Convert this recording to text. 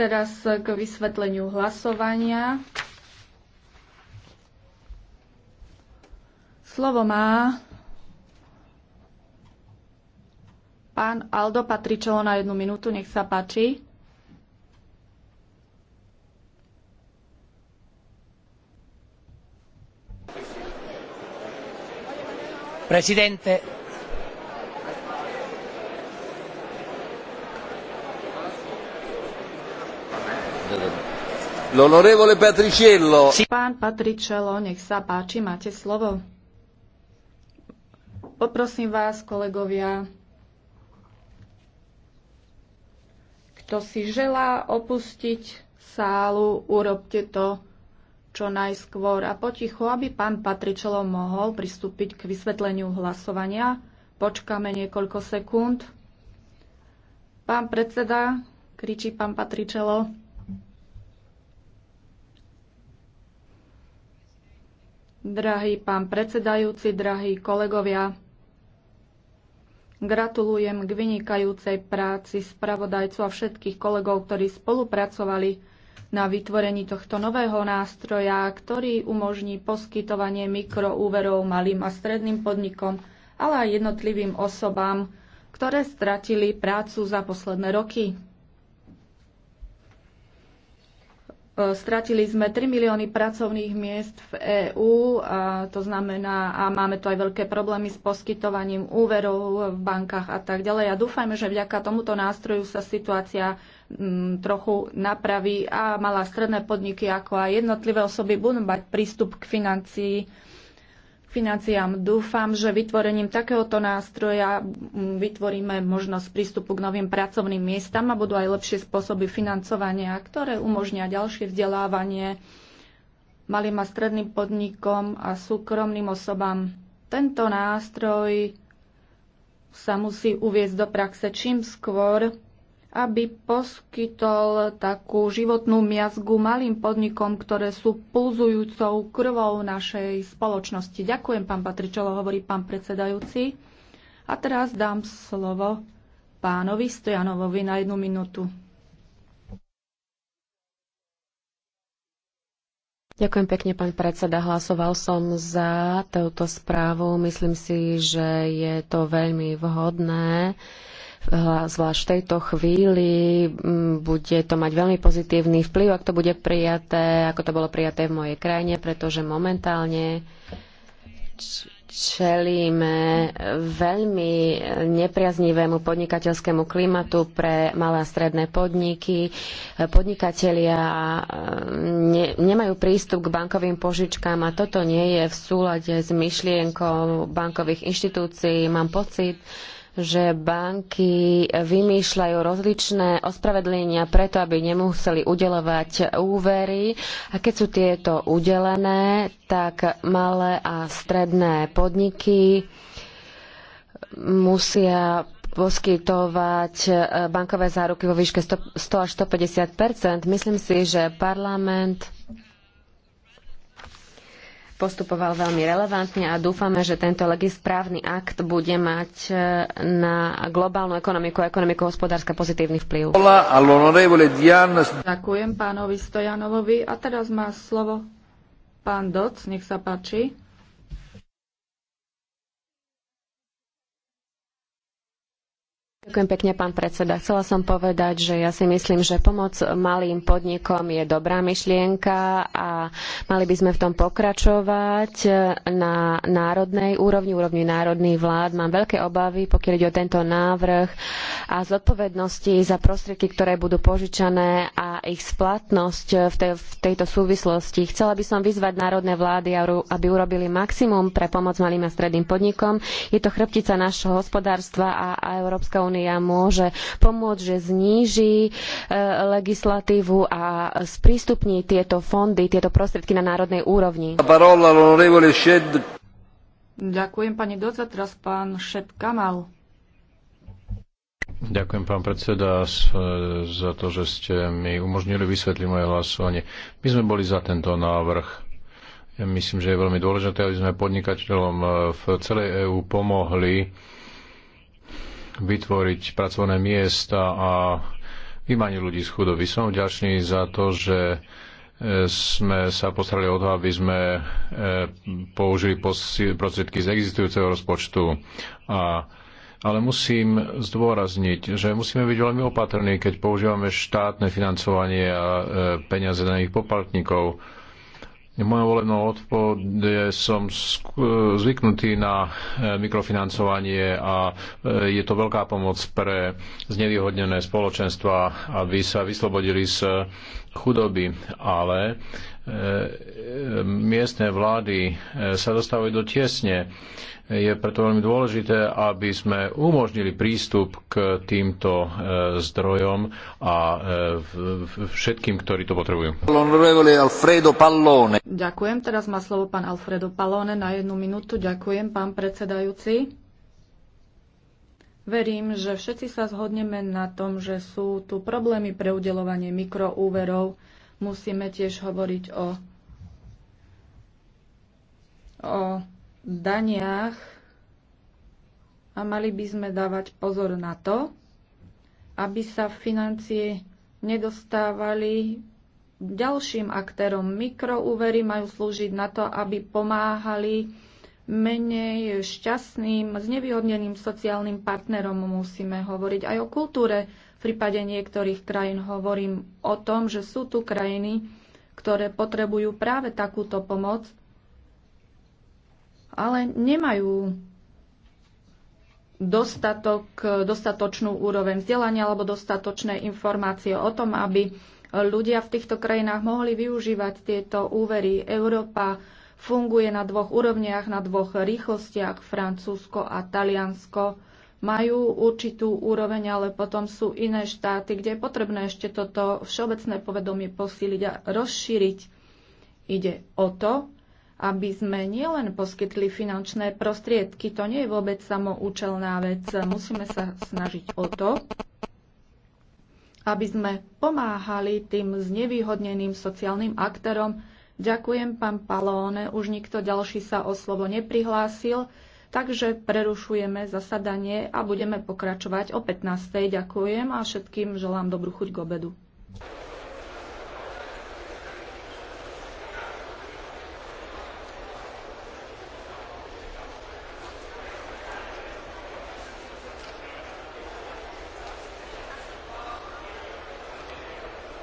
Teraz k vysvetleniu hlasovania. Slovo má pán Aldo Patričelo na jednu minútu. Nech sa páči. Presidente, L'onorevole Patriciello. Pán Patricello, nech sa páči, máte slovo. Poprosím vás, kolegovia, kto si želá opustiť sálu, urobte to čo najskôr a potichu, aby pán Patričelo mohol pristúpiť k vysvetleniu hlasovania. Počkáme niekoľko sekúnd. Pán predseda, kričí pán Patričelo. Drahý pán predsedajúci, drahí kolegovia, gratulujem k vynikajúcej práci spravodajcu a všetkých kolegov, ktorí spolupracovali na vytvorení tohto nového nástroja, ktorý umožní poskytovanie mikroúverov malým a stredným podnikom, ale aj jednotlivým osobám, ktoré stratili prácu za posledné roky. Stratili sme 3 milióny pracovných miest v EÚ, to znamená, a máme tu aj veľké problémy s poskytovaním úverov v bankách a tak ďalej. A dúfajme, že vďaka tomuto nástroju sa situácia m, mm, trochu napraví a malá stredné podniky, ako aj jednotlivé osoby budú mať prístup k financii financiám. Dúfam, že vytvorením takéhoto nástroja vytvoríme možnosť prístupu k novým pracovným miestam a budú aj lepšie spôsoby financovania, ktoré umožnia ďalšie vzdelávanie malým a stredným podnikom a súkromným osobám. Tento nástroj sa musí uviezť do praxe čím skôr, aby poskytol takú životnú miazgu malým podnikom, ktoré sú pulzujúcou krvou našej spoločnosti. Ďakujem, pán Patričelo, hovorí pán predsedajúci. A teraz dám slovo pánovi Stojanovovi na jednu minútu. Ďakujem pekne, pán predseda. Hlasoval som za touto správu. Myslím si, že je to veľmi vhodné zvlášť v tejto chvíli. Mm, bude to mať veľmi pozitívny vplyv, ak to bude prijaté, ako to bolo prijaté v mojej krajine, pretože momentálne čelíme veľmi nepriaznivému podnikateľskému klimatu pre malé a stredné podniky. Podnikatelia mm, ne, nemajú prístup k bankovým požičkám a toto nie je v súlade s myšlienkou bankových inštitúcií. Mám pocit, že banky vymýšľajú rozličné ospravedlenia preto, aby nemuseli udelovať úvery. A keď sú tieto udelené, tak malé a stredné podniky musia poskytovať e, bankové záruky vo výške 100 až 150 Myslím si, že parlament postupoval veľmi relevantne a dúfame, že tento legisprávny akt bude mať e, na globálnu ekonomiku a ekonomiku hospodárska pozitívny vplyv. Ďakujem pánovi Stojanovovi a teraz má slovo pán Doc, nech sa páči. Ďakujem pekne, pán predseda. Chcela som povedať, že ja si myslím, že pomoc malým podnikom je dobrá myšlienka a mali by sme v tom pokračovať na národnej úrovni, úrovni národných vlád. Mám veľké obavy, pokiaľ ide o tento návrh a zodpovednosti za prostriedky, ktoré budú požičané a ich splatnosť v, tej, v tejto súvislosti. Chcela by som vyzvať národné vlády, aby urobili maximum pre pomoc malým a stredným podnikom. Je to chrbtica nášho hospodárstva a, a Európska únia únia môže pomôcť, že zníži e, legislatívu a sprístupní tieto fondy, tieto prostriedky na národnej úrovni. Ďakujem pani Doca, teraz pán Šed Kamal. Ďakujem, pán predseda, za to, že ste mi umožnili vysvetliť moje hlasovanie. My sme boli za tento návrh. Ja myslím, že je veľmi dôležité, aby sme podnikateľom e, v celej EÚ pomohli vytvoriť pracovné miesta a vymaniť ľudí z chudoby. Som vďačný za to, že e, sme sa postarali o to, aby sme e, použili prostriedky z existujúceho rozpočtu. A, ale musím zdôrazniť, že musíme byť veľmi opatrní, keď používame štátne financovanie a e, peniaze daných poplatníkov Mojou volenou odpovede som zvyknutý na e, mikrofinancovanie a e, je to veľká pomoc pre znevýhodnené spoločenstva, aby sa vyslobodili z chudoby, ale E, e, miestne vlády e, sa dostávajú do tiesne. Je preto veľmi dôležité, aby sme umožnili prístup k týmto zdrojom a všetkým, ktorí to potrebujú. Ďakujem. Teraz má slovo pán Alfredo Pallone na jednu minútu. Ďakujem, pán predsedajúci. Verím, že všetci sa zhodneme na tom, že sú tu problémy pre udelovanie mikroúverov Musíme tiež hovoriť o, o daniach a mali by sme dávať pozor na to, aby sa financie nedostávali ďalším aktérom. Mikroúvery majú slúžiť na to, aby pomáhali menej šťastným, znevýhodneným sociálnym partnerom. Musíme hovoriť aj o kultúre v prípade niektorých krajín hovorím o tom, že sú tu krajiny, ktoré potrebujú práve takúto pomoc, ale nemajú dostatok, dostatočnú úroveň vzdelania alebo dostatočné informácie o tom, aby ľudia v týchto krajinách mohli využívať tieto úvery. Európa funguje na dvoch úrovniach, na dvoch rýchlostiach, Francúzsko a Taliansko majú určitú úroveň, ale potom sú iné štáty, kde je potrebné ešte toto všeobecné povedomie posíliť a rozšíriť. Ide o to, aby sme nielen poskytli finančné prostriedky, to nie je vôbec samoučelná vec. Musíme sa snažiť o to, aby sme pomáhali tým znevýhodneným sociálnym aktorom. Ďakujem, pán Palone, Už nikto ďalší sa o slovo neprihlásil. Takže prerušujeme zasadanie a budeme pokračovať o 15. Ďakujem a všetkým želám dobrú chuť k obedu.